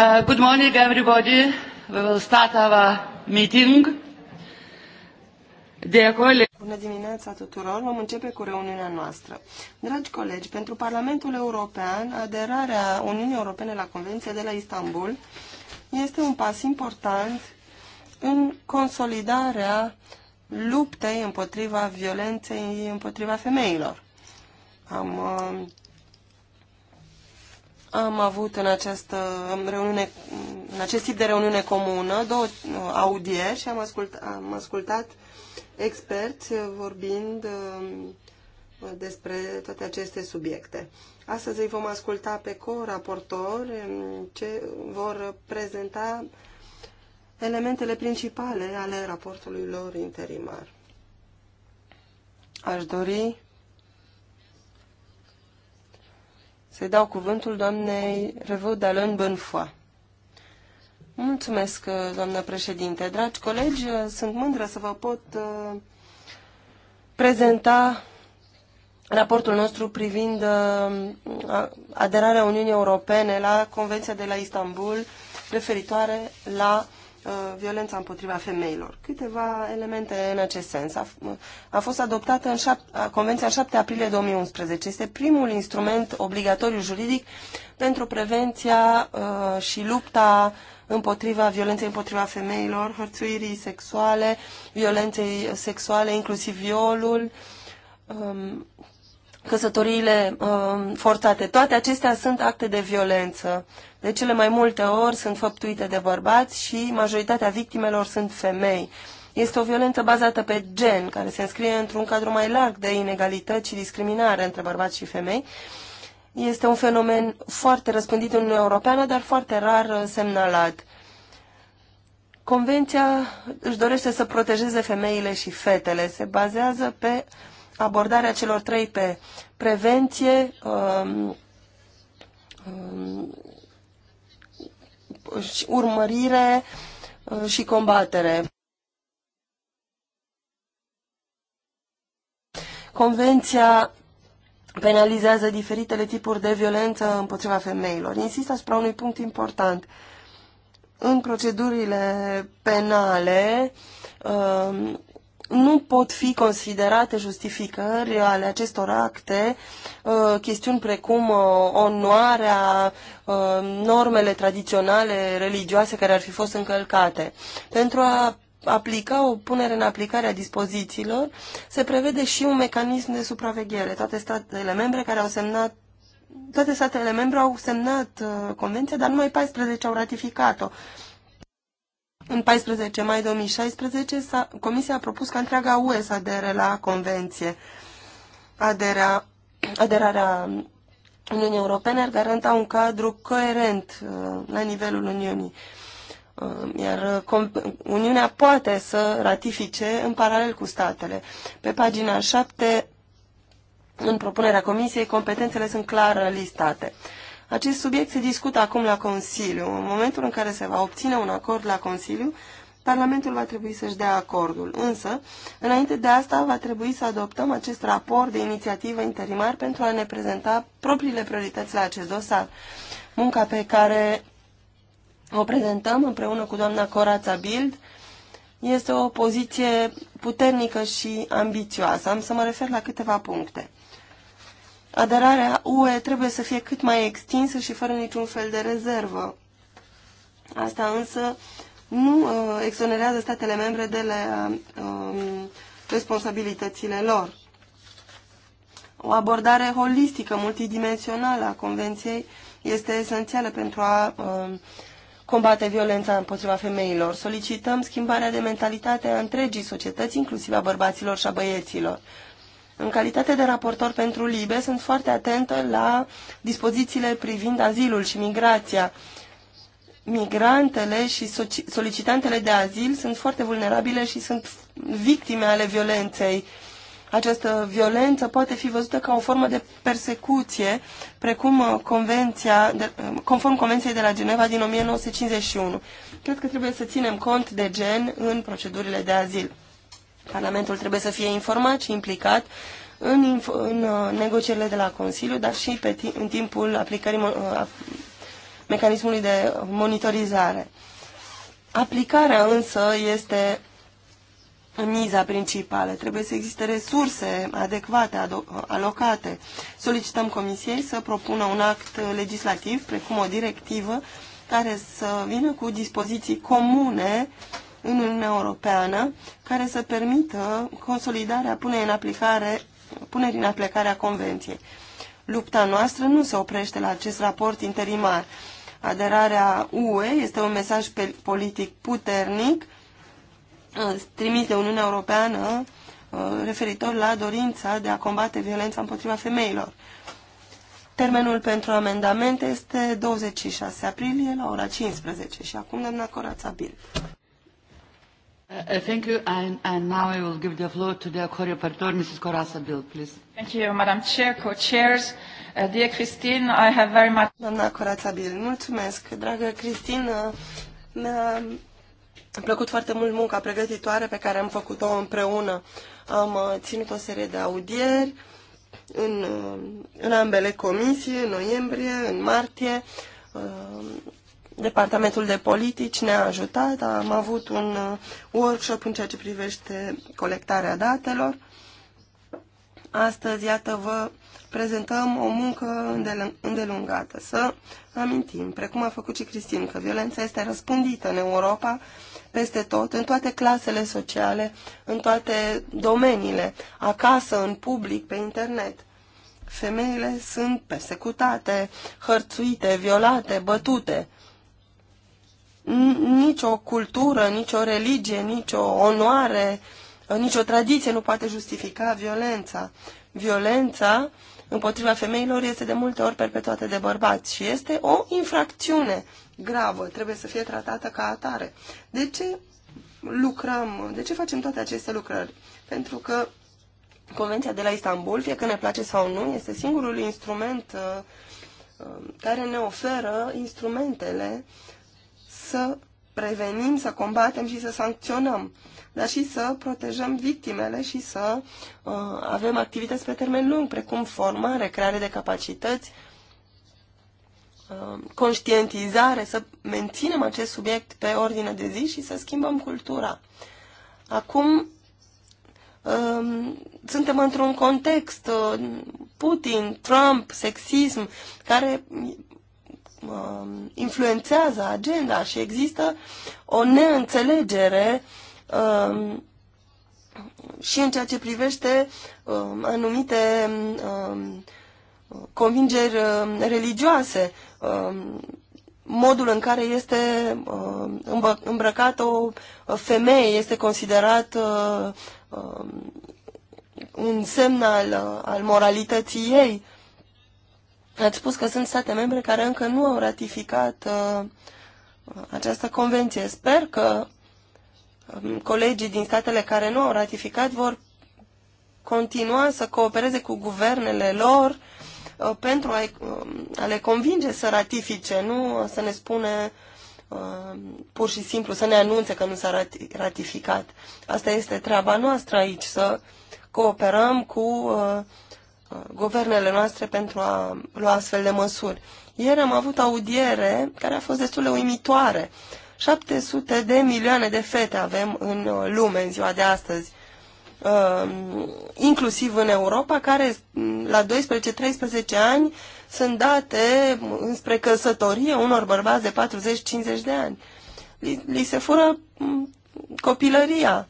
Uh, good morning, everybody. We will start our meeting. Dear colleagues. Bună dimineața tuturor! Vom începe cu reuniunea noastră. Dragi colegi, pentru Parlamentul European, aderarea Uniunii Europene la Convenția de la Istanbul este un pas important în consolidarea luptei împotriva violenței împotriva femeilor. Am uh, am avut în această reuniune, în acest tip de reuniune comună, două uh, audieri și am, ascult, am ascultat experți vorbind uh, despre toate aceste subiecte. Astăzi îi vom asculta pe co-raportori ce vor prezenta elementele principale ale raportului lor interimar. Aș dori Să-i dau cuvântul doamnei Revău Dalân Bânfoa. Mulțumesc, uh, doamnă președinte. Dragi colegi, uh, sunt mândră să vă pot uh, prezenta raportul nostru privind aderarea Uniunii Europene la Convenția de la Istanbul referitoare la Uh, violența împotriva femeilor. Câteva elemente în acest sens. A, uh, a fost adoptată în șap, Convenția 7 aprilie 2011. Este primul instrument obligatoriu juridic pentru prevenția a, uh, și lupta împotriva violenței împotriva femeilor, hărțuirii sexuale, violenței sexuale, inclusiv violul, A, um, căsătoriile uh, forțate. Toate acestea sunt acte de violență. De cele mai multe ori sunt făptuite de bărbați și majoritatea victimelor sunt femei. Este o violență bazată pe gen, care se înscrie într-un cadru mai larg de inegalități și discriminare între bărbați și femei. Este un fenomen foarte răspândit în Uniunea Europeană, dar foarte rar uh, semnalat. Convenția își dorește să protejeze femeile și fetele. Se bazează pe uh, abordarea celor trei pe prevenție, um, um, urmărire uh, și combatere. Convenția penalizează diferitele tipuri de violență împotriva femeilor. Insist asupra unui punct important. În procedurile penale, um, nu pot fi considerate justificări ale acestor acte uh, chestiuni precum uh, onoarea, uh, normele tradiționale religioase care ar fi fost încălcate. Pentru a aplica o punere în aplicare a dispozițiilor, se prevede și un mecanism de supraveghere. Toate statele membre care au semnat toate statele membre au semnat uh, convenția, dar numai 14 au ratificat-o. În 14 mai 2016, Comisia a propus ca întreaga UE să adere la convenție. Aderea, aderarea Uniunii Europene ar garanta un cadru coerent uh, la nivelul Uniunii. Uh, iar uh, Uniunea poate să ratifice în paralel cu statele. Pe pagina 7, în propunerea Comisiei, competențele sunt clar listate. Acest subiect se discută acum la Consiliu. În momentul în care se va obține un acord la Consiliu, Parlamentul va trebui să-și dea acordul. Însă, înainte de asta, va trebui să adoptăm acest raport de inițiativă interimar pentru a ne prezenta propriile priorități la acest dosar. Munca pe care o prezentăm împreună cu doamna Corața Bild este o poziție puternică și ambițioasă. Am să mă refer la câteva puncte aderarea UE trebuie să fie cât mai extinsă și fără niciun fel de rezervă. Asta însă nu uh, exonerează statele membre de la um, responsabilitățile lor. O abordare holistică, multidimensională a Convenției este esențială pentru a uh, combate violența împotriva femeilor. Solicităm schimbarea de mentalitate a întregii societăți, inclusiv a bărbaților și a băieților. În calitate de raportor pentru LIBE, sunt foarte atentă la dispozițiile privind azilul și migrația. Migrantele și solicitantele de azil sunt foarte vulnerabile și sunt victime ale violenței. Această violență poate fi văzută ca o formă de persecuție, precum uh, convenția, uh, conform Convenției de la Geneva din 1951. Cred că trebuie să ținem cont de gen în procedurile de azil. Parlamentul trebuie să fie informat și implicat în, în uh, negocierile de la Consiliu, dar și pe în timpul aplicării uh, mecanismului de monitorizare. Aplicarea însă este miza principală. Trebuie să existe resurse adecvate alocate. Solicităm Comisiei să propună un act legislativ, precum o directivă, care să vină cu dispoziții comune uh, în Uniunea Europeană care să permită consolidarea punerii în aplicare, punerii în aplicare a Convenției. Lupta noastră nu se oprește la acest raport interimar. Aderarea UE este un mesaj politic puternic uh, trimis de Uniunea Europeană uh, referitor la dorința de a combate violența împotriva femeilor. Termenul pentru amendamente este 26 aprilie la ora 15 și acum doamna Corața Bil. Uh, uh, thank you. And, and now I will give the floor to the co-rapporteur, Mrs. Corazza Bild, please. Thank you, Madam Chair, co-chairs. Uh, dear Christine, I have very much... Doamna Corazza Bild, mulțumesc. Dragă Christine, mi-a plăcut foarte mult munca pregătitoare pe care am făcut-o împreună. Am uh, ținut o serie de audieri în, în ambele comisii, în noiembrie, în martie Departamentul de politici ne-a ajutat, am avut un uh, workshop în ceea ce privește colectarea datelor. Astăzi, iată, vă prezentăm o muncă îndelungată. Să amintim, precum a făcut și Cristin, că violența este răspândită în Europa, peste tot, în toate clasele sociale, în toate domeniile, acasă, în public, pe internet. Femeile sunt persecutate, hărțuite, violate, bătute nicio cultură, nicio religie, nicio onoare, nicio tradiție nu poate justifica violența. Violența împotriva femeilor este de multe ori perpetuată de bărbați și este o infracțiune gravă, trebuie să fie tratată ca atare. De ce lucrăm, de ce facem toate aceste lucrări? Pentru că Convenția de la Istanbul, fie că ne place sau nu, este singurul instrument uh, uh, care ne oferă instrumentele uh, să prevenim, să combatem și să sancționăm, dar și să protejăm victimele și să uh, avem activități pe termen lung, precum formare, creare de capacități, uh, conștientizare, să menținem acest subiect pe ordine de zi și să schimbăm cultura. Acum uh, suntem într-un context, uh, Putin, Trump, sexism, care Um, influențează agenda și există o neînțelegere um, și în ceea ce privește um, anumite convingeri religioase, modul în care este îmbrăcată o femeie este considerat uh, un semn al, al moralității ei. Ați spus că sunt state membre care încă nu au ratificat uh, această convenție. Sper că um, colegii din statele care nu au ratificat vor continua să coopereze cu guvernele lor uh, pentru a, uh, um, a le convinge să ratifice, nu să ne spune uh, pur și simplu, să ne anunțe că nu s-a rati ratificat. Asta este treaba noastră aici, să cooperăm cu uh, guvernele noastre pentru a lua astfel de măsuri. Ieri am avut audiere care a fost destul de uimitoare. 700 de milioane de fete avem în uh, lume în ziua de astăzi, um, inclusiv în Europa, care mm, la 12-13 ani sunt date mm, înspre căsătorie unor bărbați de 40-50 de ani. Li, li se fură mm, copilăria.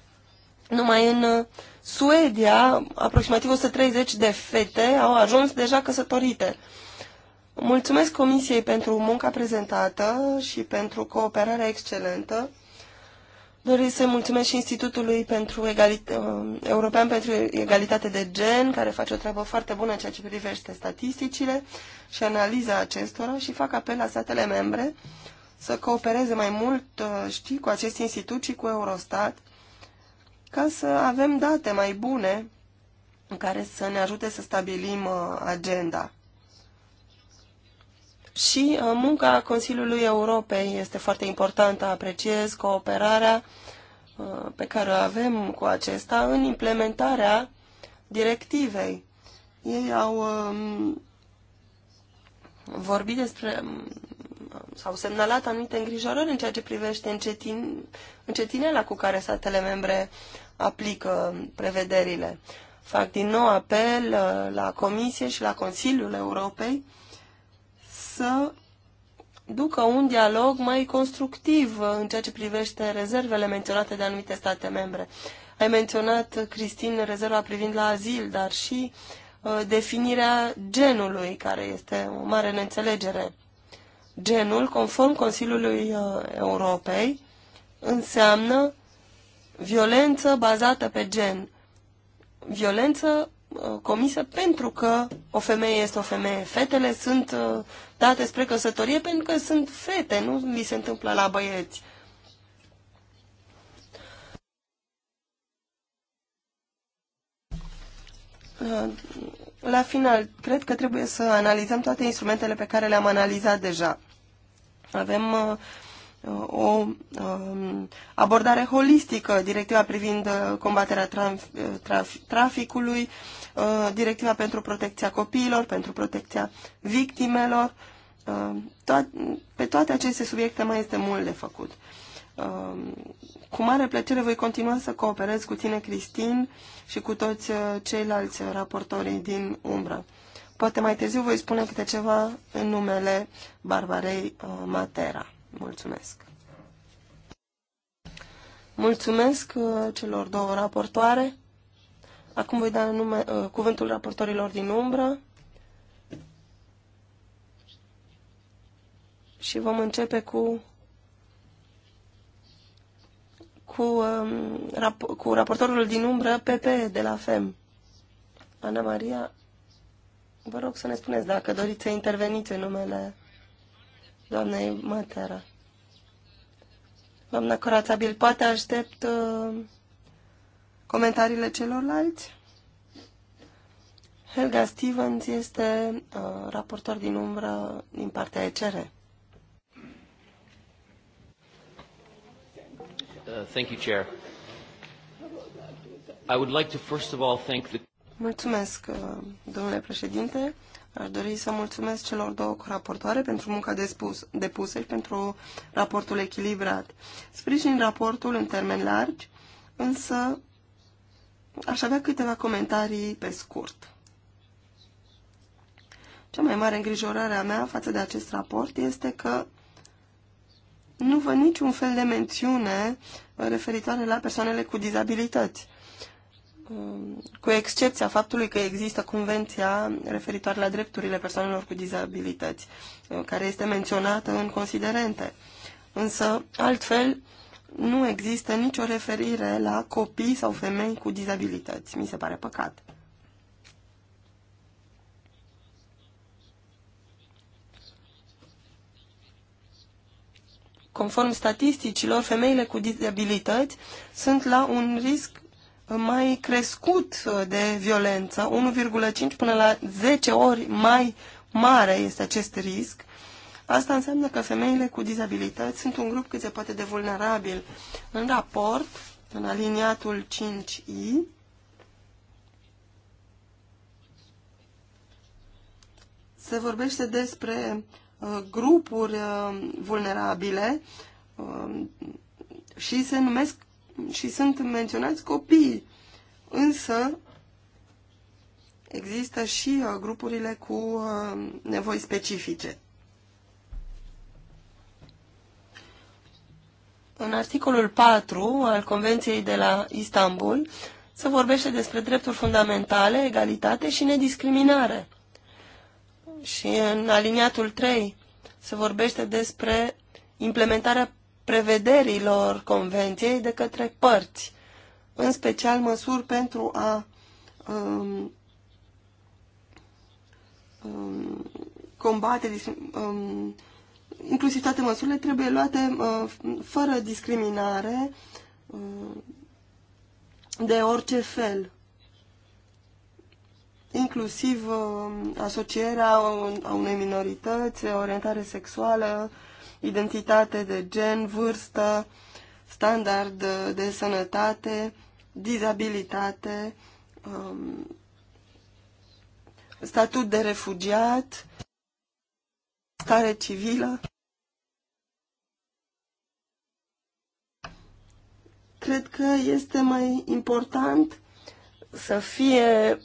Numai în uh, Suedia, aproximativ 130 de fete au ajuns deja căsătorite. Mulțumesc Comisiei pentru munca prezentată și pentru cooperarea excelentă. Doresc să mulțumesc și Institutului pentru Egalit- uh, European pentru Egalitate de Gen, care face o treabă foarte bună în ceea ce privește statisticile și analiza acestora și fac apel la statele membre să coopereze mai mult, uh, știi, cu acest institut și cu Eurostat ca să avem date mai bune în care să ne ajute să stabilim uh, agenda. Și uh, munca Consiliului Europei este foarte importantă. Apreciez cooperarea uh, pe care o avem cu acesta în implementarea directivei. Ei au um, vorbit despre um, s-au semnalat anumite îngrijorări în ceea ce privește încetin, încetinela cu care statele membre aplică prevederile. Fac din nou apel uh, la Comisie și la Consiliul Europei să ducă un dialog mai constructiv uh, în ceea ce privește rezervele menționate de anumite state membre. Ai menționat, Cristin, rezerva privind la azil, dar și uh, definirea genului, care este o mare neînțelegere genul, conform Consiliului uh, Europei, înseamnă violență bazată pe gen. Violență uh, comisă pentru că o femeie este o femeie. Fetele sunt uh, date spre căsătorie pentru că sunt fete, nu li se întâmplă la băieți. La final, cred că trebuie să analizăm toate instrumentele pe care le-am analizat deja. Avem uh, o um, abordare holistică, directiva privind uh, combaterea traf, uh, traf, traficului, directiva pentru protecția copiilor, pentru protecția victimelor. pe toate aceste subiecte mai este mult de făcut. cu mare plăcere voi continua să cooperez cu tine, Cristin, și cu toți ceilalți raportorii din umbră. Poate mai târziu voi spune câte ceva în numele Barbarei uh, Matera. Mulțumesc! Mulțumesc uh, celor două raportoare. Acum voi da nume, uh, cuvântul raportorilor din umbră. Și vom începe cu cu, um, cu raportorul din umbră PP de la FEM. Ana Maria Vă rog să ne spuneți dacă doriți să interveniți în numele doamnei Mătără. Doamna Corațabil, poate aștept uh, comentariile celorlalți? Helga Stevens este uh, raportor din umbră din partea ECR. Uh, thank you, Chair. I would like to first of all thank the Mulțumesc, uh, domnule președinte. Aș dori să mulțumesc celor două raportoare pentru munca despus, depusă și pentru raportul echilibrat. Sprijin raportul în termen largi, însă aș avea câteva comentarii pe scurt. Cea mai mare îngrijorare a mea față de acest raport este că nu văd niciun fel de mențiune referitoare la persoanele cu dizabilități. Um, cu excepția faptului că există convenția referitoare la drepturile persoanelor cu dizabilități, uh, care este menționată în considerente. Însă, altfel, nu există nicio referire la copii sau femei cu dizabilități. Mi se pare păcat. Conform statisticilor, femeile cu dizabilități sunt la un risc mai crescut uh, de violență, 1,5 până la 10 ori mai mare este acest risc. Asta înseamnă că femeile cu dizabilități sunt un grup cât se poate de vulnerabil. În raport, în aliniatul 5i, se vorbește despre uh, grupuri uh, vulnerabile uh, și se numesc și sunt menționați copiii. Însă există și uh, grupurile cu uh, nevoi specifice. În articolul 4 al Convenției de la Istanbul se vorbește despre drepturi fundamentale, egalitate și nediscriminare. Și în aliniatul 3 se vorbește despre implementarea prevederilor convenției de către părți, în special măsuri pentru a um, um, combate, um, inclusiv toate măsurile trebuie luate uh, fără discriminare uh, de orice fel inclusiv uh, asocierea a unei minorități, orientare sexuală, uh, identitate de gen, vârstă, standard de sănătate, dizabilitate, um, statut de refugiat, stare civilă. Cred că este mai important să fie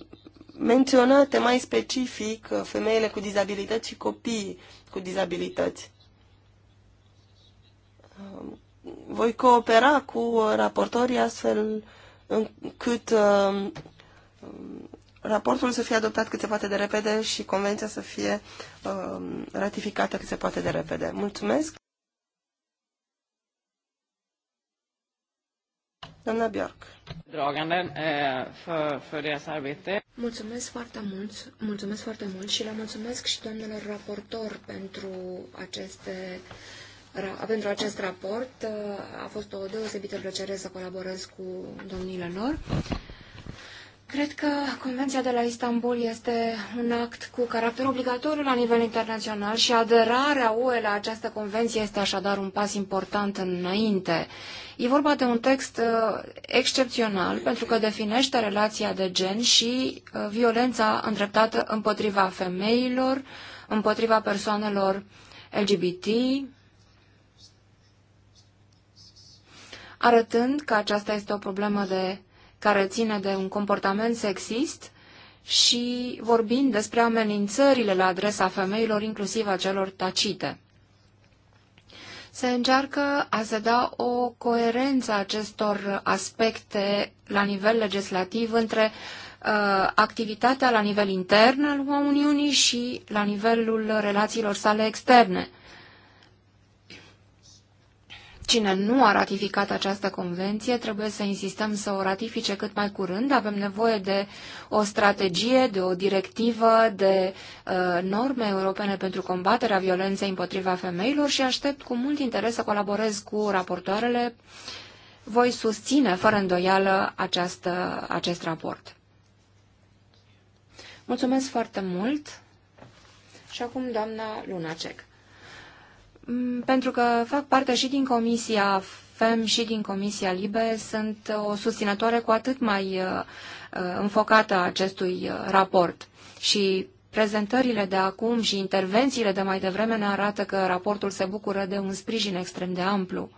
menționate mai specific uh, femeile cu dizabilități și copiii cu dizabilități voi coopera cu raportorii astfel încât um, raportul să fie adoptat cât se poate de repede și convenția să fie um, ratificată cât se poate de repede. Mulțumesc! Doamna Bjork. Eh, mulțumesc foarte mult, mulțumesc foarte mult și le mulțumesc și doamnelor raportor pentru aceste uh, pentru acest raport. Uh, a fost o deosebită plăcere să colaborez cu domnile lor. Cred că Convenția de la Istanbul este un act cu caracter obligatoriu la nivel internațional și aderarea UE la această convenție este așadar un pas important înainte. E vorba de un text uh, excepțional pentru că definește relația de gen și uh, violența îndreptată împotriva femeilor, împotriva persoanelor LGBT, arătând că aceasta este o problemă de, care ține de un comportament sexist și vorbind despre amenințările la adresa femeilor, inclusiv a celor tacite. Se încearcă a se da o coerență acestor aspecte la nivel legislativ între uh, activitatea la nivel intern al Uniunii și la nivelul relațiilor sale externe. Cine nu a ratificat această convenție trebuie să insistăm să o ratifice cât mai curând. Avem nevoie de o strategie, de o directivă, de uh, norme europene pentru combaterea violenței împotriva femeilor și aștept cu mult interes să colaborez cu raportoarele. Voi susține fără îndoială această, acest raport. Mulțumesc foarte mult și acum doamna Lunacek. Mm, pentru că fac parte și din Comisia FEM și din Comisia LIBE, sunt o susținătoare cu atât mai uh, uh, înfocată a acestui uh, raport. Și prezentările de acum și intervențiile de mai devreme ne arată că raportul se bucură de un sprijin extrem de amplu.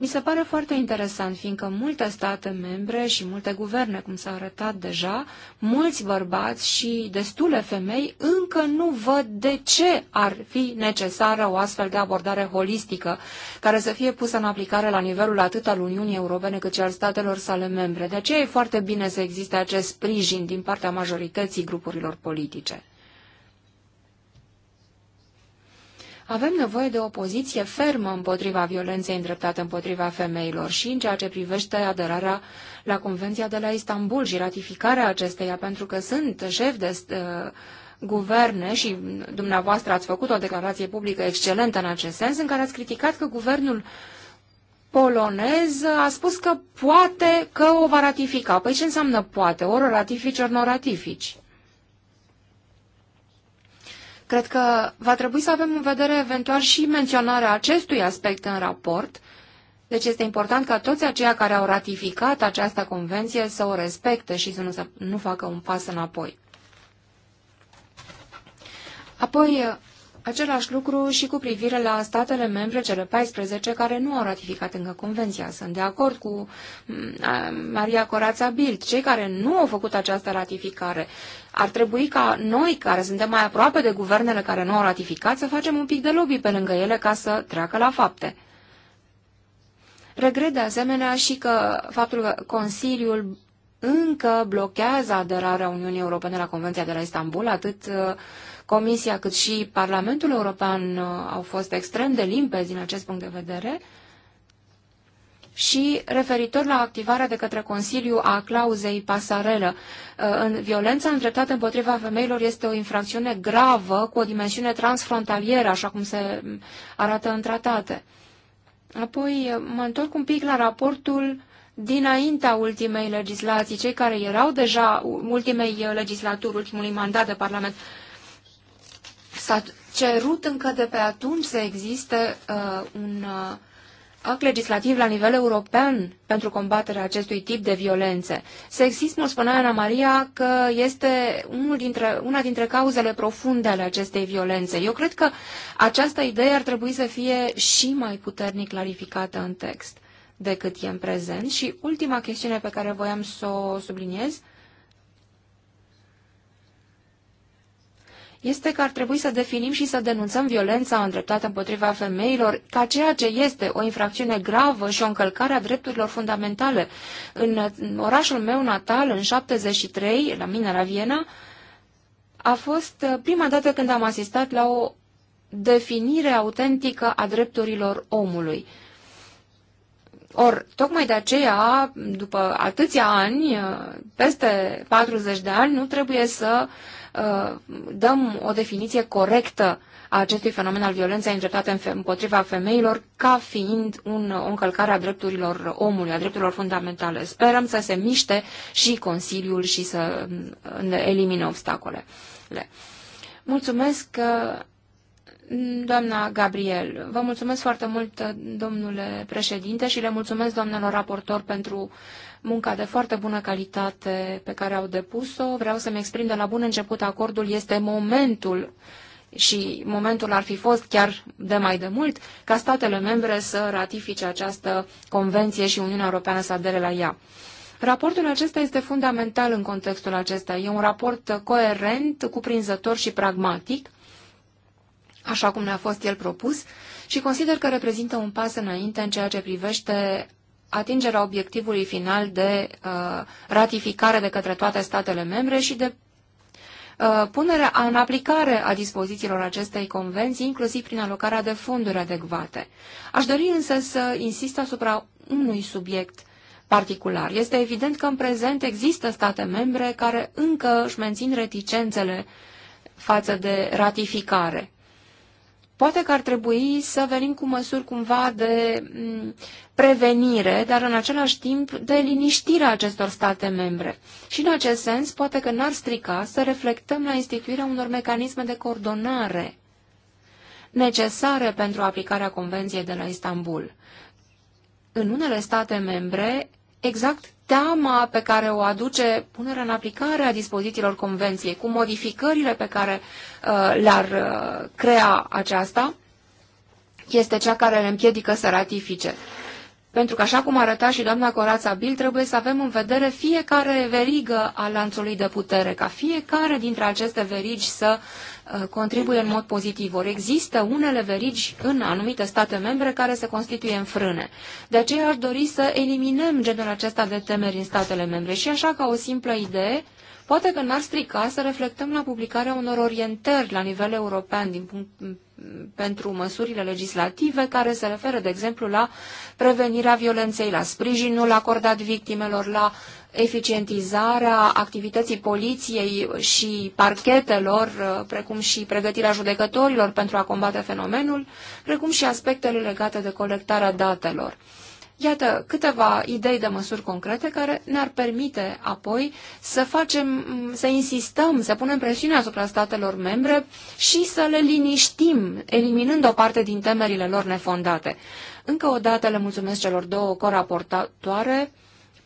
Mi se pare foarte interesant, fiindcă multe state membre și multe guverne, cum s-a arătat deja, mulți bărbați și destule femei încă nu văd de ce ar fi necesară o astfel de abordare holistică, care să fie pusă în aplicare la nivelul atât al Uniunii Europene cât și al statelor sale membre. De aceea e foarte bine să existe acest sprijin din partea majorității grupurilor politice. Avem nevoie de o poziție fermă împotriva violenței îndreptate împotriva femeilor și în ceea ce privește aderarea la Convenția de la Istanbul și ratificarea acesteia, pentru că sunt șef de uh, guverne și dumneavoastră ați făcut o declarație publică excelentă în acest sens, în care ați criticat că guvernul polonez a spus că poate că o va ratifica. Păi ce înseamnă poate? Ori o ratifici, ori nu o ratifici. Cred că va trebui să avem în vedere eventual și menționarea acestui aspect în raport, deci este important ca toți aceia care au ratificat această convenție să o respecte și să nu, să nu facă un pas înapoi. Apoi, Același lucru și cu privire la statele membre, cele 14, care nu au ratificat încă convenția. Sunt de acord cu mm, Maria Corața Bild. Cei care nu au făcut această ratificare ar trebui ca noi, care suntem mai aproape de guvernele care nu au ratificat, să facem un pic de lobby pe lângă ele ca să treacă la fapte. Regret de asemenea și că faptul că Consiliul încă blochează aderarea Uniunii Europene la Convenția de la Istanbul, atât uh, Comisia cât și Parlamentul European uh, au fost extrem de limpezi din acest punct de vedere, și referitor la activarea de către Consiliu a clauzei pasarelă. Uh, în violența îndreptată împotriva femeilor este o infracțiune gravă cu o dimensiune transfrontalieră, așa cum se arată în tratate. Apoi mă întorc un pic la raportul dinaintea ultimei legislații, cei care erau deja ultimei uh, legislaturi, ultimului mandat de Parlament, s-a cerut încă de pe atunci să existe uh, un uh, act legislativ la nivel european pentru combaterea acestui tip de violențe. Sexismul, spunea Ana Maria, că este unul dintre, una dintre cauzele profunde ale acestei violențe. Eu cred că această idee ar trebui să fie și mai puternic clarificată în text decât e în prezent. Și ultima chestiune pe care voiam să o subliniez este că ar trebui să definim și să denunțăm violența îndreptată împotriva femeilor ca ceea ce este o infracțiune gravă și o încălcare a drepturilor fundamentale. În orașul meu natal, în 73, la mine, la Viena, a fost uh, prima dată când am asistat la o definire autentică a drepturilor omului. Or, tocmai de aceea, după atâția ani, uh, peste 40 de ani, nu trebuie să uh, dăm o definiție corectă a acestui fenomen al violenței îndreptate împotriva femeilor ca fiind un, o încălcare a drepturilor omului, a drepturilor fundamentale. Sperăm să se miște și Consiliul și să mm, elimine obstacolele. Mulțumesc că uh, Doamna Gabriel, vă mulțumesc foarte mult, domnule președinte, și le mulțumesc doamnelor raportor pentru munca de foarte bună calitate pe care au depus-o. Vreau să-mi exprim de la bun început acordul este momentul și momentul ar fi fost chiar de mai de mult ca statele membre să ratifice această convenție și Uniunea Europeană să adere la ea. Raportul acesta este fundamental în contextul acesta. E un raport coerent, cuprinzător și pragmatic așa cum ne-a fost el propus, și consider că reprezintă un pas înainte în ceea ce privește atingerea obiectivului final de uh, ratificare de către toate statele membre și de uh, punerea în aplicare a dispozițiilor acestei convenții, inclusiv prin alocarea de fonduri adecvate. Aș dori însă să insist asupra unui subiect particular. Este evident că în prezent există state membre care încă își mențin reticențele față de ratificare. Poate că ar trebui să venim cu măsuri cumva de prevenire, dar în același timp de liniștirea acestor state membre. Și în acest sens, poate că n-ar strica să reflectăm la instituirea unor mecanisme de coordonare necesare pentru aplicarea Convenției de la Istanbul. În unele state membre, exact teama pe care o aduce punerea în aplicare a dispozițiilor convenției, cu modificările pe care uh, le-ar uh, crea aceasta, este cea care le împiedică să ratifice. Pentru că, așa cum arăta și doamna Corața Bil, trebuie să avem în vedere fiecare verigă a lanțului de putere, ca fiecare dintre aceste verigi să Uh, contribuie în mod pozitiv. Or există unele verigi în anumite state membre care se constituie în frâne. De aceea aș dori să eliminăm genul acesta de temeri în statele membre. Și așa ca o simplă idee, poate că n-ar strica să reflectăm la publicarea unor orientări la nivel european din punct, pentru măsurile legislative care se referă, de exemplu, la prevenirea violenței, la sprijinul acordat victimelor, la eficientizarea activității poliției și parchetelor, uh, precum și pregătirea judecătorilor pentru a combate fenomenul, precum și aspectele legate de colectarea datelor. Iată câteva idei de măsuri concrete care ne-ar permite apoi să facem, mm, să insistăm, să punem presiune asupra statelor membre și să le liniștim, eliminând o parte din temerile lor nefondate. Încă o dată le mulțumesc celor două coraportatoare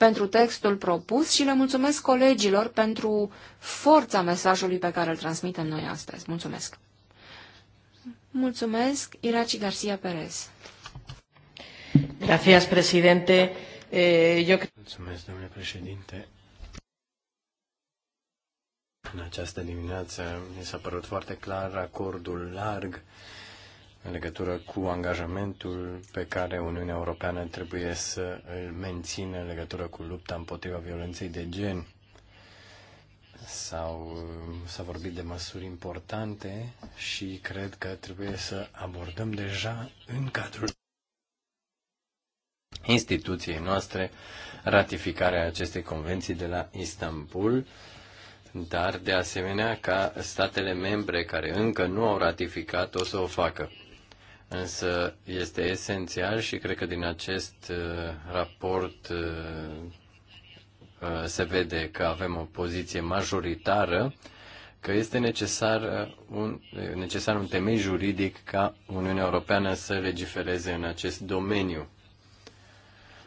pentru textul propus și le mulțumesc colegilor pentru forța mesajului pe care îl transmitem noi astăzi. Mulțumesc! Mulțumesc, Iraci Garcia Perez. Gracias, presidente. Eh, yo... Mulțumesc, domnule președinte. În această dimineață mi s-a părut foarte clar acordul larg în legătură cu angajamentul pe care Uniunea Europeană trebuie să îl mențină în legătură cu lupta împotriva violenței de gen. Sau s-a vorbit de măsuri importante și cred că trebuie să abordăm deja în cadrul instituției noastre ratificarea acestei convenții de la Istanbul dar de asemenea ca statele membre care încă nu au ratificat o să o facă. Însă este esențial și cred că din acest uh, raport uh, uh, se vede că avem o poziție majoritară, că este necesar un, necesar un temei juridic ca Uniunea Europeană să legifereze în acest domeniu.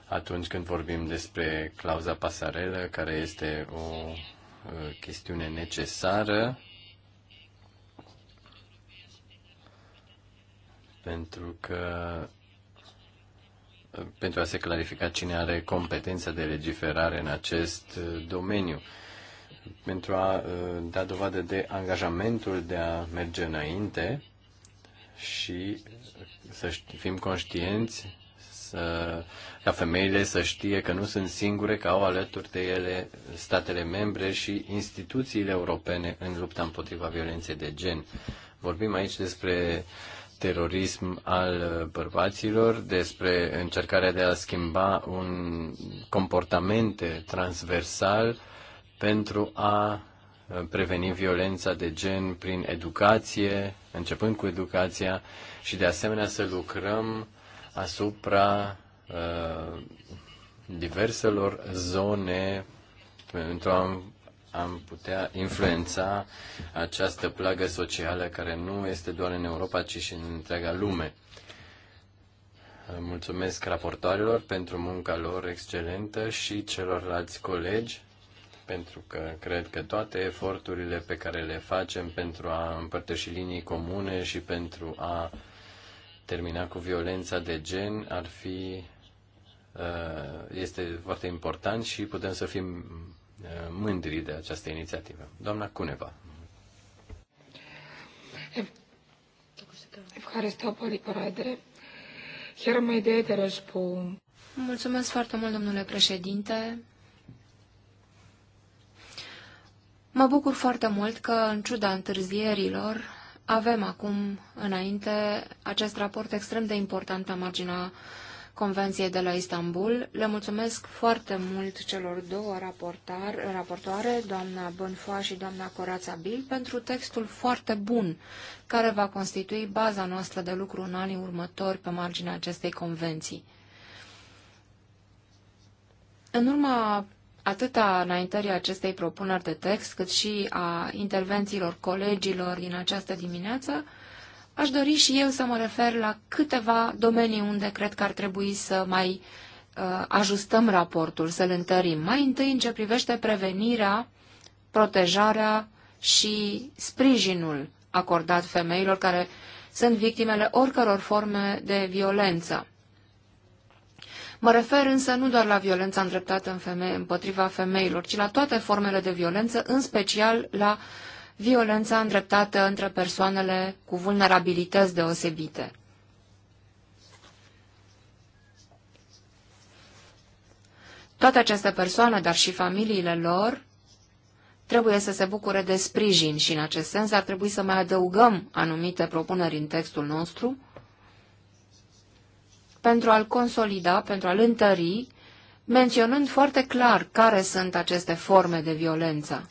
Atunci când vorbim despre clauza pasarelă, care este o chestiune necesară, pentru că pentru a se clarifica cine are competența de legiferare în acest uh, domeniu, pentru a uh, da dovadă de angajamentul de a merge înainte și să fim conștienți să, ca femeile să știe că nu sunt singure, că au alături de ele statele membre și instituțiile europene în lupta împotriva violenței de gen. Vorbim aici despre terorism al uh, bărbaților, despre încercarea de a schimba un comportament transversal pentru a uh, preveni violența de gen prin educație, începând cu educația și de asemenea să lucrăm asupra uh, diverselor zone pentru a am putea influența această plagă socială care nu este doar în Europa, ci și în întreaga lume. Mulțumesc raportoarelor pentru munca lor excelentă și celorlalți colegi, pentru că cred că toate eforturile pe care le facem pentru a împărtăși linii comune și pentru a termina cu violența de gen ar fi uh, este foarte important și putem să fim Uh, mândri de această inițiativă. Doamna Cuneva. Ευχαριστώ πολύ, Πρόεδρε. Χαίρομαι ιδιαίτερα που... Mulțumesc foarte mult, domnule președinte. Mă bucur foarte mult că, în ciuda întârzierilor, avem acum înainte acest raport extrem de important pe marginea Convenției de la Istanbul. Le mulțumesc foarte mult celor două raportar, raportoare, doamna Bănfoa și doamna Corața Bil, pentru textul foarte bun care va constitui baza noastră de lucru în anii următori pe marginea acestei convenții. În urma atât a înaintării acestei propuneri de text, cât și a intervențiilor colegilor din această dimineață, Aș dori și eu să mă refer la câteva domenii unde cred că ar trebui să mai uh, ajustăm raportul, să-l întărim. Mai întâi în ce privește prevenirea, protejarea și sprijinul acordat femeilor care sunt victimele oricăror forme de violență. Mă refer însă nu doar la violența îndreptată în femeie, împotriva femeilor, ci la toate formele de violență, în special la uh, violența îndreptată între persoanele cu vulnerabilități deosebite. Toate aceste persoane, dar și familiile lor, trebuie să se bucure de sprijin și în acest sens ar trebui să mai adăugăm anumite propuneri în textul nostru pentru a-l consolida, pentru a-l întări, menționând foarte clar care sunt aceste forme de violență.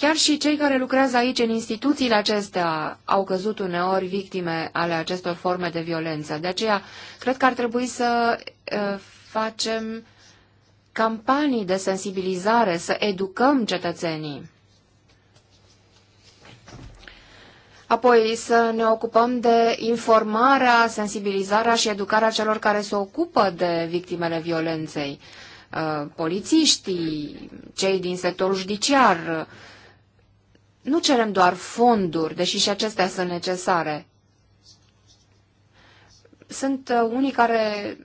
Chiar și cei care lucrează aici în instituțiile acestea au căzut uneori victime ale acestor forme de violență. De aceea, cred că ar trebui să facem campanii de sensibilizare, să educăm cetățenii. Apoi să ne ocupăm de informarea, sensibilizarea și educarea celor care se ocupă de victimele violenței. Polițiștii, cei din sectorul judiciar, nu cerem doar fonduri, deși și acestea sunt necesare. Sunt uh, unii care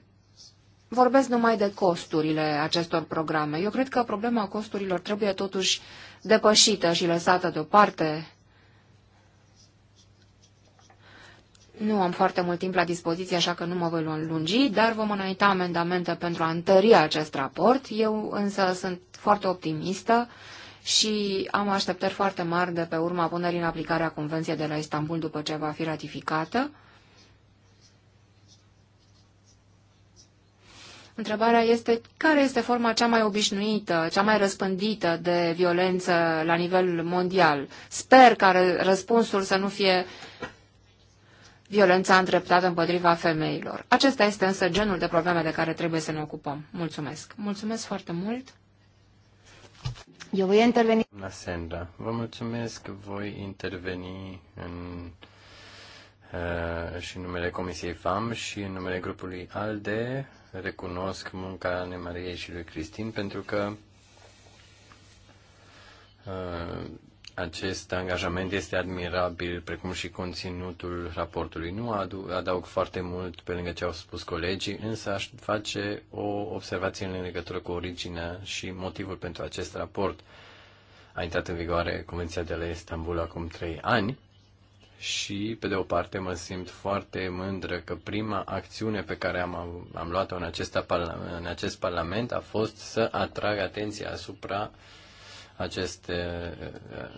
vorbesc numai de costurile acestor programe. Eu cred că problema costurilor trebuie totuși depășită și lăsată deoparte. Nu am foarte mult timp la dispoziție, așa că nu mă voi lungi, dar vom înainta amendamente pentru a întări acest raport. Eu însă sunt foarte optimistă și am așteptări foarte mari de pe urma punerii în aplicare a Convenției de la Istanbul după ce va fi ratificată. Întrebarea este care este forma cea mai obișnuită, cea mai răspândită de violență la nivel mondial. Sper ca răspunsul să nu fie violența îndreptată împotriva femeilor. Acesta este însă genul de probleme de care trebuie să ne ocupăm. Mulțumesc. Mulțumesc foarte mult. Eu voi interveni. La Sandra, vă mulțumesc, voi interveni în uh, și în numele Comisiei FAM și în numele grupului ALDE recunosc munca Anne Mariei și lui Cristin pentru că uh, acest angajament este admirabil, precum și conținutul raportului. Nu adaug foarte mult pe lângă ce au spus colegii, însă aș face o observație în legătură cu originea și motivul pentru acest raport. A intrat în vigoare Convenția de la Istanbul acum trei ani și, pe de o parte, mă simt foarte mândră că prima acțiune pe care am, am luat-o în, în acest Parlament a fost să atrag atenția asupra uh, aceste,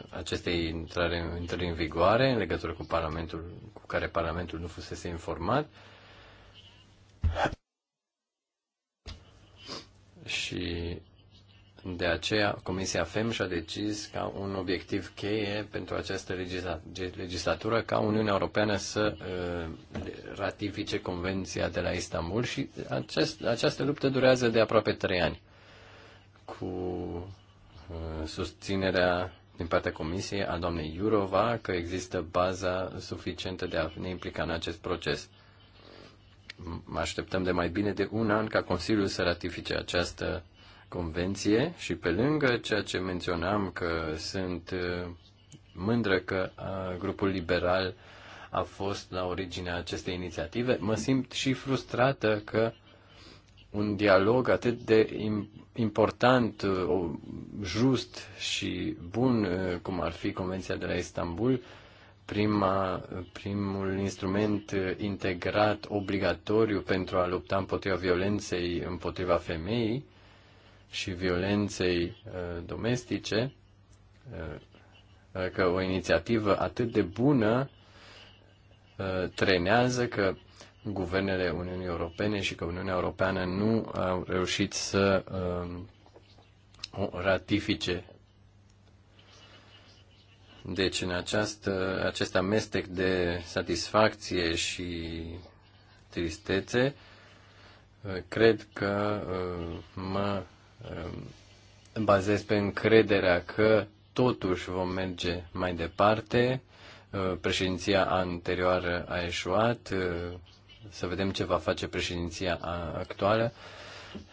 acestei intrare, intrări în vigoare în legătură cu Parlamentul, cu care Parlamentul nu fusese informat. Și de aceea Comisia FEM și-a decis ca un obiectiv cheie pentru această legislatură ca Uniunea Europeană să uh, ratifice Convenția de la Istanbul și acest, această luptă durează de aproape trei ani. Cu susținerea din partea Comisiei a doamnei Iurova că există baza suficientă de a ne implica în acest proces. Mă așteptăm de mai bine de un an ca Consiliul să ratifice această convenție și pe lângă ceea ce menționam că sunt uh, mândră că uh, grupul liberal a fost la originea acestei inițiative, mă simt și frustrată că uh, un dialog atât de important, uh, just și bun, uh, cum ar fi Convenția de la Istanbul, prima, uh, primul instrument integrat obligatoriu pentru a lupta împotriva violenței împotriva femeii și violenței domestice, că o inițiativă atât de bună trenează că guvernele Uniunii Europene și că Uniunea Europeană nu a reușit să um, o ratifice. Deci, în această, acest amestec de satisfacție și tristețe, uh, cred că uh, mă um, bazez pe încrederea că totuși vom merge mai departe. Uh, președinția anterioară a eșuat, să vedem ce va face președinția actuală.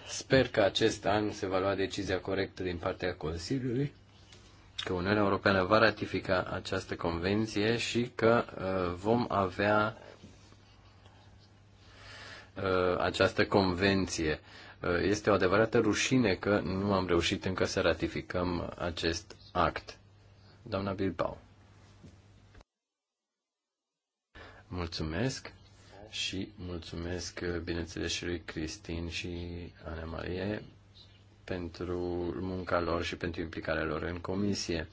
Sper că acest an se va lua decizia corectă din partea Consiliului, că Uniunea Europeană va ratifica această convenție și că uh, vom avea uh, această convenție. Uh, este o adevărată rușine că nu am reușit încă să ratificăm acest act. Doamna Bilbao. Mulțumesc și mulțumesc, eh, bineînțeles, și lui Cristin și Ana Marie pentru munca lor și pentru implicarea lor în comisie,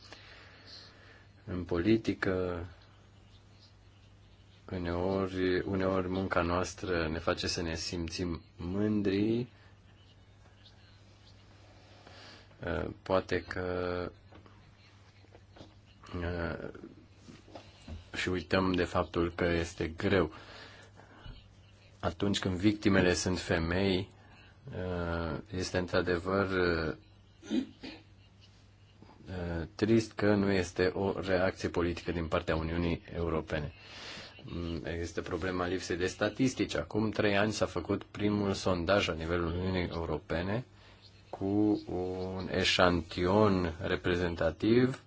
în politică. Uneori, uneori munca noastră ne face să ne simțim mândri. Eh, poate că eh, și uităm de faptul că este greu atunci când victimele sunt femei, uh, este într-adevăr uh, uh, trist că nu este o reacție politică din partea Uniunii Europene. Mm, există problema lipsei de statistici. Acum trei ani s-a făcut primul sondaj la nivelul Uniunii Europene cu un eșantion reprezentativ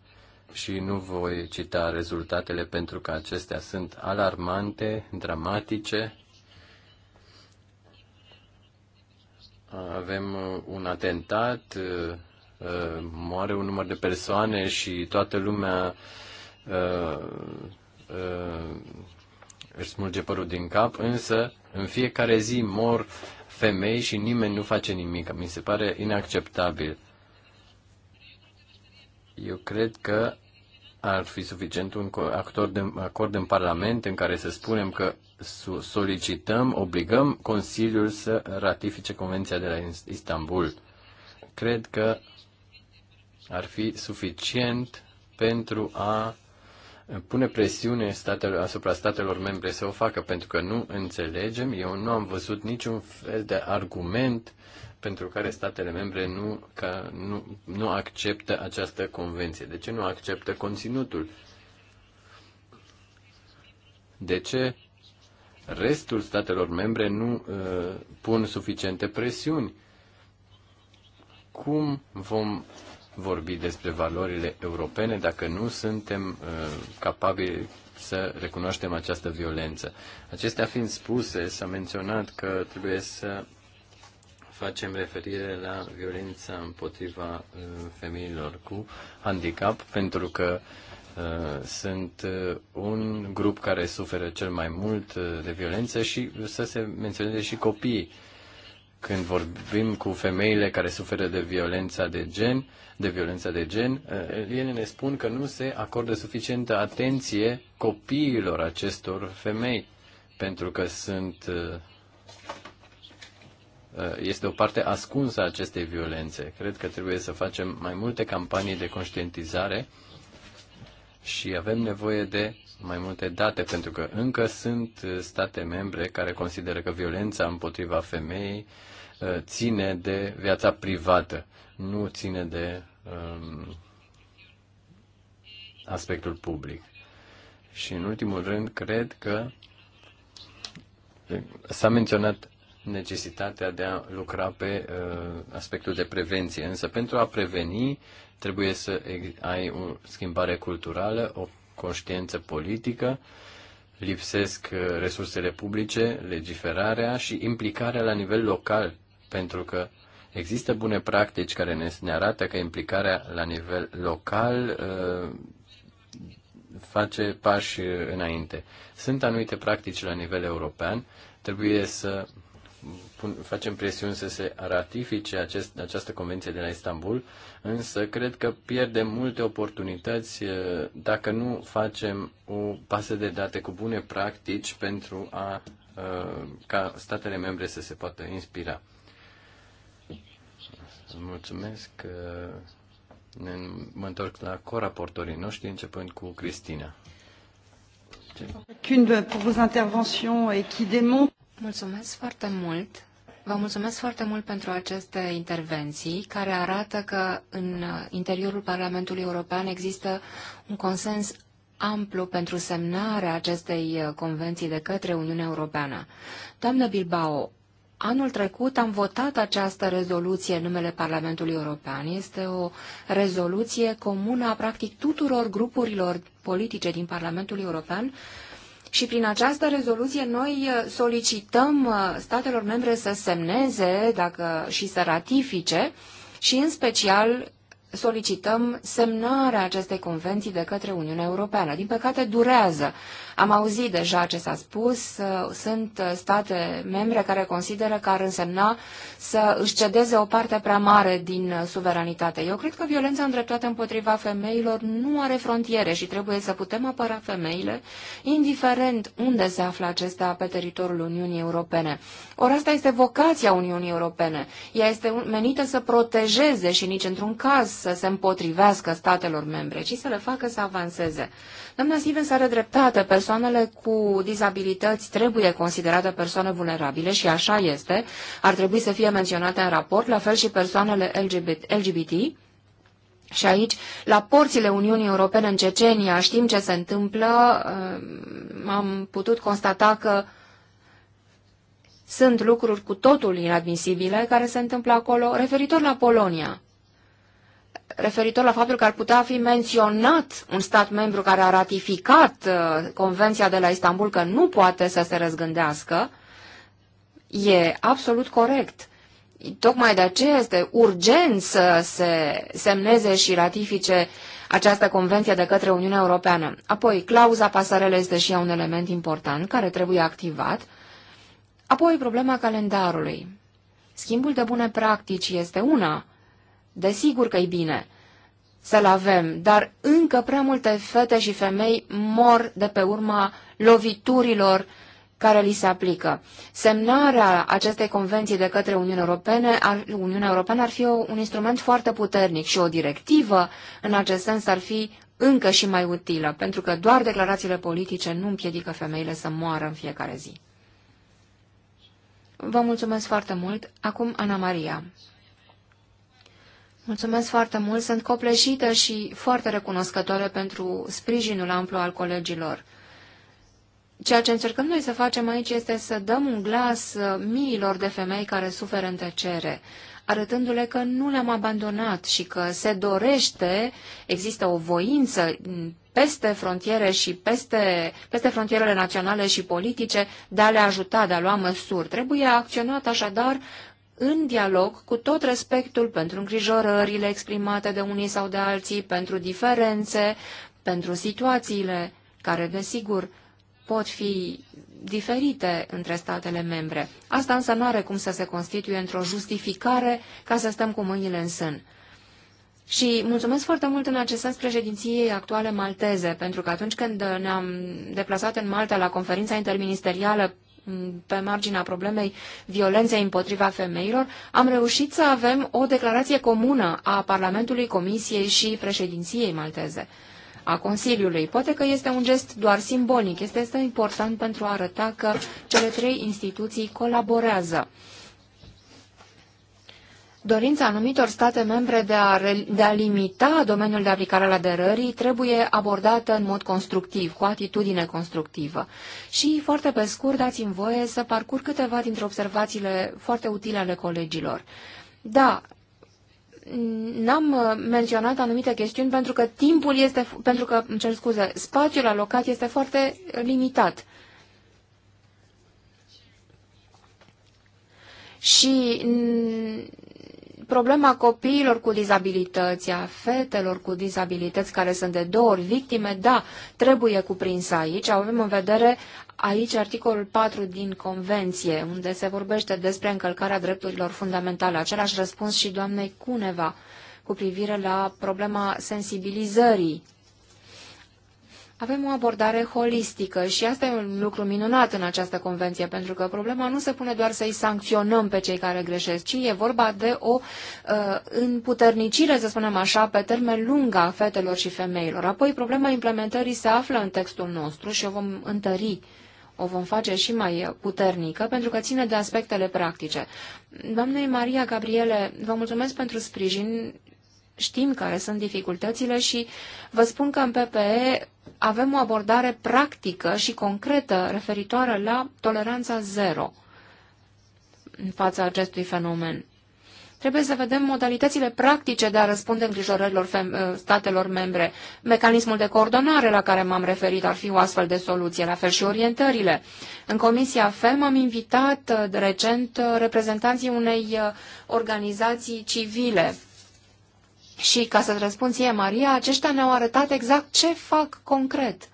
și nu voi cita rezultatele pentru că acestea sunt alarmante, dramatice avem uh, un atentat, uh, uh, moare un număr de persoane și toată lumea își smulge părul din cap, însă în fiecare zi mor femei și nimeni nu face nimic. Mi se pare inacceptabil. Eu cred că ar fi suficient un acord de, acord în Parlament în care să spunem că solicităm, obligăm Consiliul să ratifice Convenția de la Istanbul. Cred că ar fi suficient pentru a pune presiune statelor, asupra statelor membre să o facă, pentru că nu înțelegem, eu nu am văzut niciun fel de argument pentru care statele membre nu, ca, nu, nu acceptă această convenție? De ce nu acceptă conținutul? De ce restul statelor membre nu uh, pun suficiente presiuni? Cum vom vorbi despre valorile europene dacă nu suntem uh, capabili să recunoaștem această violență. Acestea fiind spuse, s-a menționat că trebuie să facem referire la violența împotriva uh, femeilor cu handicap, pentru că uh, sunt uh, un grup care suferă cel mai mult de violență și să se menționeze și copiii. Când vorbim cu femeile care suferă de violența de gen, de violența de gen, ele ne spun că nu se acordă suficientă atenție copiilor acestor femei, pentru că sunt Uh, este o parte ascunsă a acestei violențe. Cred că trebuie să facem mai multe campanii de conștientizare și avem nevoie de mai multe date, pentru că încă sunt uh, state membre care consideră că violența împotriva femeii uh, ține de viața privată, nu ține de um, aspectul public. Și în ultimul rând, cred că s-a menționat necesitatea de a lucra pe uh, aspectul de prevenție. Însă pentru a preveni trebuie să ai o schimbare culturală, o conștiență politică, lipsesc uh, resursele publice, legiferarea și implicarea la nivel local, pentru că există bune practici care ne, ne arată că implicarea la nivel local uh, face pași înainte. Sunt anumite practici la nivel european, trebuie să facem presiuni să se ratifice acest, această convenție de la Istanbul, însă cred că pierdem multe oportunități eh, dacă nu facem o pasă de date cu bune practici pentru a, eh, ca statele membre să se poată inspira. Mulțumesc. Eh, ne, mă întorc la coraportorii noștri, începând cu Cristina. Chacune pour vos interventions et qui démontre Mulțumesc foarte mult. Vă mulțumesc foarte mult pentru aceste intervenții care arată că în interiorul Parlamentului European există un consens amplu pentru semnarea acestei convenții de către Uniunea Europeană. Doamnă Bilbao, anul trecut am votat această rezoluție în numele Parlamentului European. Este o rezoluție comună a practic tuturor grupurilor politice din Parlamentul European și prin această rezoluție noi uh, solicităm uh, statelor membre să semneze dacă, și să ratifice și în special solicităm semnarea acestei convenții de către Uniunea Europeană. Din păcate durează am auzit deja ce s-a spus. Sunt state membre care consideră că ar însemna să își cedeze o parte prea mare din suveranitate. Eu cred că violența îndreptată împotriva femeilor nu are frontiere și trebuie să putem apăra femeile, indiferent unde se află acestea pe teritoriul Uniunii Europene. Ori asta este vocația Uniunii Europene. Ea este menită să protejeze și nici într-un caz să se împotrivească statelor membre, ci să le facă să avanseze. Doamna Sivens are dreptate pe persoanele cu dizabilități trebuie considerate persoane vulnerabile și așa este, ar trebui să fie menționate în raport, la fel și persoanele LGBT, LGBT și aici, la porțile Uniunii Europene în Cecenia, știm ce se întâmplă, ehm, am putut constata că sunt lucruri cu totul inadmisibile care se întâmplă acolo referitor la Polonia referitor la faptul că ar putea fi menționat un stat membru care a ratificat uh, Convenția de la Istanbul că nu poate să se răzgândească, e absolut corect. Tocmai de aceea este urgent să se semneze și ratifice această convenție de către Uniunea Europeană. Apoi, clauza pasarele este și ea un element important care trebuie activat. Apoi, problema calendarului. Schimbul de bune practici este una, Desigur că e bine să-l avem, dar încă prea multe fete și femei mor de pe urma loviturilor care li se aplică. Semnarea acestei convenții de către Uniunea Europeană ar, Uniunea Europeană ar fi o, un instrument foarte puternic și o directivă în acest sens ar fi încă și mai utilă, pentru că doar declarațiile politice nu împiedică femeile să moară în fiecare zi. Vă mulțumesc foarte mult. Acum Ana Maria. Mulțumesc foarte mult, sunt copleșită și foarte recunoscătoare pentru sprijinul amplu al colegilor. Ceea ce încercăm noi să facem aici este să dăm un glas uh, miilor de femei care suferă în tăcere, arătându-le că nu le-am abandonat și că se dorește, există o voință mm, peste frontiere și peste, peste frontierele naționale și politice de a le ajuta, de a lua măsuri. Trebuie acționat așadar în dialog cu tot respectul pentru îngrijorările exprimate de unii sau de alții, pentru diferențe, pentru situațiile care, desigur, pot fi diferite între statele membre. Asta însă nu are cum să se constituie într-o justificare ca să stăm cu mâinile în sân. Și mulțumesc foarte mult în acest sens președinției actuale malteze, pentru că atunci când ne-am deplasat în Malta la conferința interministerială pe marginea problemei violenței împotriva femeilor, am reușit să avem o declarație comună a Parlamentului, Comisiei și președinției malteze a Consiliului. Poate că este un gest doar simbolic, este, este important pentru a arăta că cele trei instituții colaborează dorința anumitor state membre de a, de a limita domeniul de aplicare al aderării trebuie abordată în mod constructiv, cu atitudine constructivă. Și, foarte pe scurt, dați-mi voie să parcurg câteva dintre observațiile foarte utile ale colegilor. Da, n-am uh, menționat anumite chestiuni pentru că timpul este, pentru că, îmi cer scuze, spațiul alocat este foarte limitat. Și problema copiilor cu dizabilități, a fetelor cu dizabilități care sunt de două ori victime, da, trebuie cuprinsă aici. Avem în vedere aici articolul 4 din Convenție, unde se vorbește despre încălcarea drepturilor fundamentale. Același răspuns și doamnei Cuneva cu privire la problema sensibilizării avem o abordare holistică și asta e un lucru minunat în această convenție, pentru că problema nu se pune doar să-i sancționăm pe cei care greșesc, ci e vorba de o uh, împuternicire, să spunem așa, pe termen lung a fetelor și femeilor. Apoi, problema implementării se află în textul nostru și o vom întări o vom face și mai puternică, pentru că ține de aspectele practice. Doamnei Maria Gabriele, vă mulțumesc pentru sprijin știm care sunt dificultățile și vă spun că în PPE avem o abordare practică și concretă referitoare la toleranța zero în fața acestui fenomen. Trebuie să vedem modalitățile practice de a răspunde îngrijorărilor ă, statelor membre. Mecanismul de coordonare la care m-am referit ar fi o astfel de soluție, la fel și orientările. În Comisia FEM am invitat ă, recent ă, reprezentanții unei organizații civile și ca să-ți răspund ție, Maria, aceștia ne-au arătat exact ce fac concret.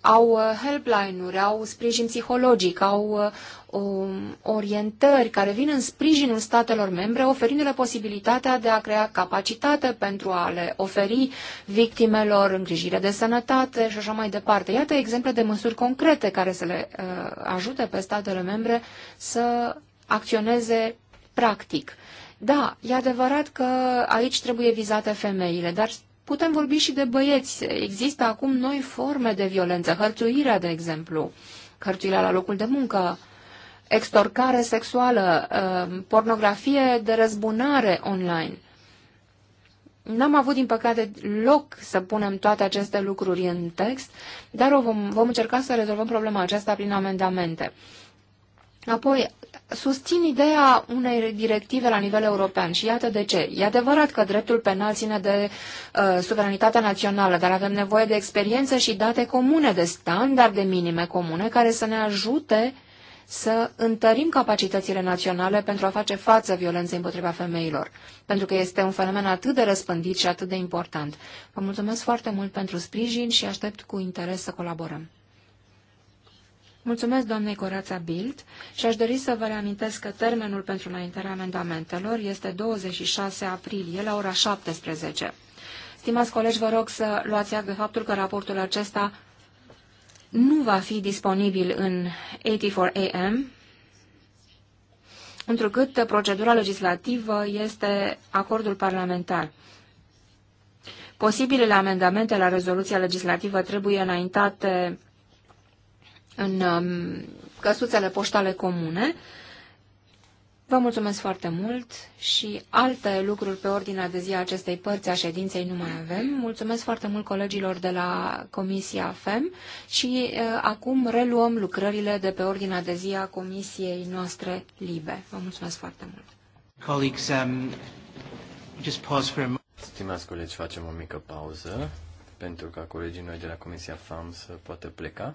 Au uh, helpline-uri, au sprijin psihologic, au uh, um, orientări care vin în sprijinul statelor membre, oferindu-le posibilitatea de a crea capacitate pentru a le oferi victimelor îngrijire de sănătate și așa mai departe. Iată exemple de măsuri concrete care să le uh, ajute pe statele membre să acționeze practic da, e adevărat că aici trebuie vizate femeile, dar putem vorbi și de băieți. Există acum noi forme de violență, hărțuirea, de exemplu, hărțuirea la locul de muncă, extorcare sexuală, uh, pornografie de răzbunare online. N-am avut, din păcate, loc să punem toate aceste lucruri în text, dar o vom, vom încerca să rezolvăm problema aceasta prin amendamente. Apoi, susțin ideea unei directive la nivel european și iată de ce. E adevărat că dreptul penal ține de uh, suveranitatea națională, dar avem nevoie de experiență și date comune, de standarde minime comune care să ne ajute să întărim capacitățile naționale pentru a face față violenței împotriva femeilor, pentru că este un fenomen atât de răspândit și atât de important. Vă mulțumesc foarte mult pentru sprijin și aștept cu interes să colaborăm. Mulțumesc doamnei Corața Bild și aș dori să vă reamintesc că termenul pentru înaintarea amendamentelor este 26 aprilie la ora 17. Stimați colegi, vă rog să luați act de faptul că raportul acesta nu va fi disponibil în 84AM, întrucât procedura legislativă este acordul parlamentar. Posibilele amendamente la rezoluția legislativă trebuie înaintate în um, căsuțele poștale comune. Vă mulțumesc foarte mult și alte lucruri pe ordinea de zi a acestei părți a ședinței nu mai avem. Mulțumesc foarte mult colegilor de la Comisia FEM și uh, acum reluăm lucrările de pe ordinea de zi a Comisiei noastre LIBE. Vă mulțumesc foarte mult. Um, just pause for a Stimați colegi, facem o mică pauză pentru ca colegii noi de la Comisia FAM să poată pleca.